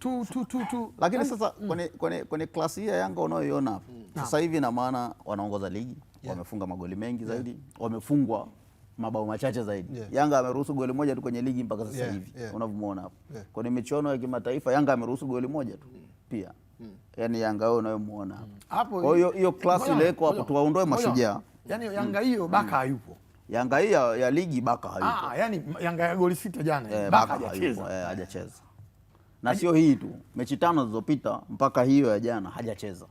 tu, tu, tu, tu. Lakini yaani, sasa mm. kwenye, kwenye, kwenye klasi ya Yanga unayoiona hapo mm. sasa hivi ina maana wanaongoza ligi yeah. Wamefunga magoli mengi zaidi yeah. Wamefungwa mabao machache zaidi yeah. Yanga ameruhusu goli moja tu kwenye ligi mpaka sasa hivi yeah. yeah. Unavyomuona hapo yeah. Kwenye michuano ya kimataifa Yanga ameruhusu goli moja tu mm. pia mm. yani Yanga wewe unayomuona hapo. Mm. Kwa hiyo hiyo klasi ile iko hapo tuwaondoe mashujaa. yani Yanga hiyo mm. baka hayupo mm. Yanga hii ya, ya ligi baka hayupo. Ah, yani Yanga ya goli sita jana. Eh, baka hajacheza. Eh, hajacheza na sio hii tu, mechi tano zilizopita mpaka hiyo ya jana hajacheza,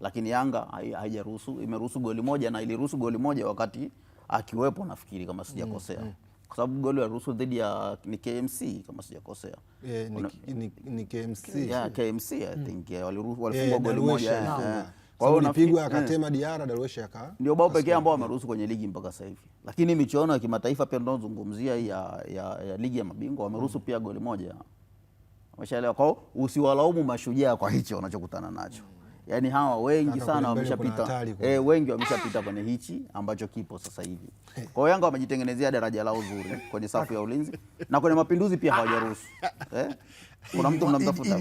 lakini Yanga haijaruhusu, imeruhusu goli moja na iliruhusu goli moja wakati akiwepo, nafikiri kama sijakosea mm, mm. Kwa sababu goli aliruhusu dhidi ya ni KMC kama sijakosea, yeah, ni, ni, ni KMC, yeah, KMC I mm. think mm. walifunga yeah, eh, goli moja yeah. yeah. Kwa hiyo unapigwa akatema mm. Diara Darwesh aka ndio bao pekee ambao wameruhusu kwenye ligi mpaka sasa hivi, lakini michuano ya kimataifa pia tunazungumzia ya, ya, ya ligi ya mabingwa wameruhusu mm. pia goli moja Umeshaelewa? Kwao usiwalaumu mashujaa kwa hicho wanachokutana nacho. Yaani hawa wengi sana wameshapita, e, wengi wameshapita kwenye hichi ambacho kipo sasa hivi. Kwa hiyo Yanga wamejitengenezea daraja lao zuri kwenye safu ya ulinzi na kwenye mapinduzi pia hawajaruhusu. Eh? Kuna mtu mnamtafuta.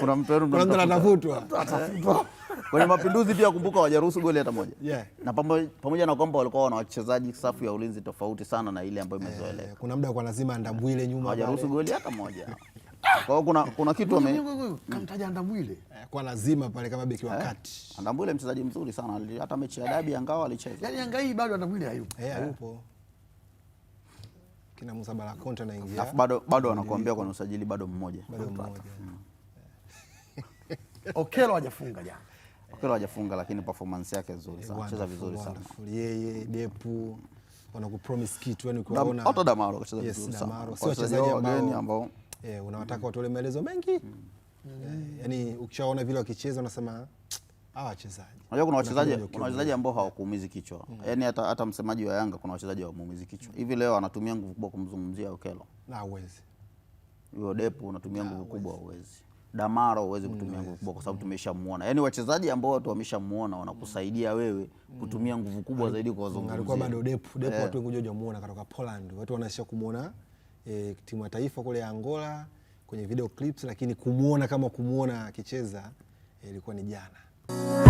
Kuna mtu mnamtafuta. Atafutwa. Eh? Kwenye mapinduzi pia kumbuka, wajaruhusu goli hata moja yeah. Na pamoja na kwamba walikuwa wana wachezaji safu ya ulinzi tofauti sana na ile ambayo imezoeleka yeah. kuna muda kwa lazima Ndambwile nyuma, wajaruhusu goli hata moja kwa hiyo kuna, kuna kitu ame... kamtaja Ndambwile eh, kwa lazima pale kama beki wa eh, kati. Ndambwile mchezaji mzuri sana, hata mechi ya dabi angao alicheza. yani Yanga hii bado Ndambwile hayupo. Eh, hayupo. Kina Musa Balakonte anaingia. Alafu bado bado wanakuambia kwa usajili bado mmoja. Bado mmoja. Hmm. Okelo hajafunga jana mpira hajafunga lakini performance yake nzuri sana. Anacheza vizuri sana. Yeye Depu wanakupromise kitu yani ukiwaona. Hata Damaro kacheza vizuri sana. Sio wachezaji wageni ambao eh unawataka watoe maelezo mengi. Yaani ukishaona vile wakicheza unasema hawa ah, wachezaji. Unajua kuna wachezaji kuna wachezaji ambao hawakuumizi kichwa. mm. Yaani hata hata msemaji wa Yanga kuna wachezaji hawamuumizi kichwa. Hivi mm. leo anatumia nguvu kubwa kumzungumzia Okelo. Na uwezi Huyo Depu unatumia nguvu kubwa uwezi Damaro huwezi kutumia mm, nguvu kubwa kwa sababu mm. tumeshamuona. Yaani wachezaji ambao watu wameshamuona wanakusaidia mm. wewe kutumia nguvu kubwa zaidi kwa wazungumzi. Alikuwa bado Depu, Depu eh. watu wengi wajua muona kutoka Poland. Watu wanaishia kumuona e, timu ya taifa kule Angola kwenye video clips, lakini kumuona kama kumuona akicheza e, ilikuwa e, ni jana.